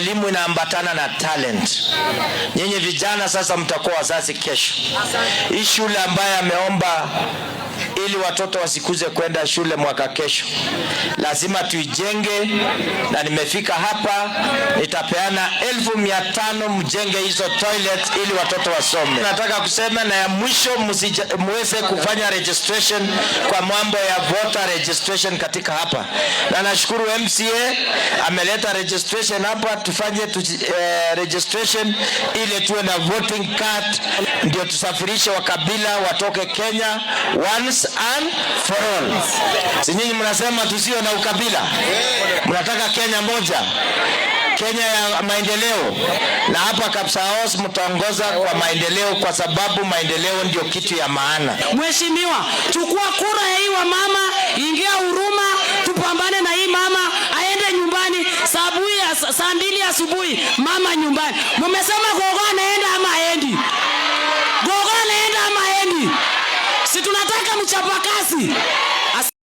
elimu inaambatana na talent. Nyinyi vijana sasa mtakuwa wazazi kesho. Hii shule ambayo ameomba ili watoto wasikuze kwenda shule mwaka kesho, lazima tuijenge, na nimefika hapa nitapeana elfu mia tano mjenge hizo toilet ili watoto wasome. Nataka kusema na ya mwisho, muweze kufanya registration kwa mambo ya voter registration katika hapa, na nashukuru MCA ameleta registration hapa tufanye tu, eh, registration ili tuwe na voting card ndio tusafirishe wakabila watoke Kenya once and for all. Si nyinyi mnasema tusio na ukabila, mnataka Kenya moja Kenya ya maendeleo, na hapa Kapsa House mtaongoza kwa maendeleo, kwa sababu maendeleo ndio kitu ya maana. Mheshimiwa, chukua kura ya hii wa mama, ingia saa mbili asubuhi, mama nyumbani. Mumesema gogo anaenda ama aendi? Gogo anaenda ama aendi? Si tunataka mchapakazi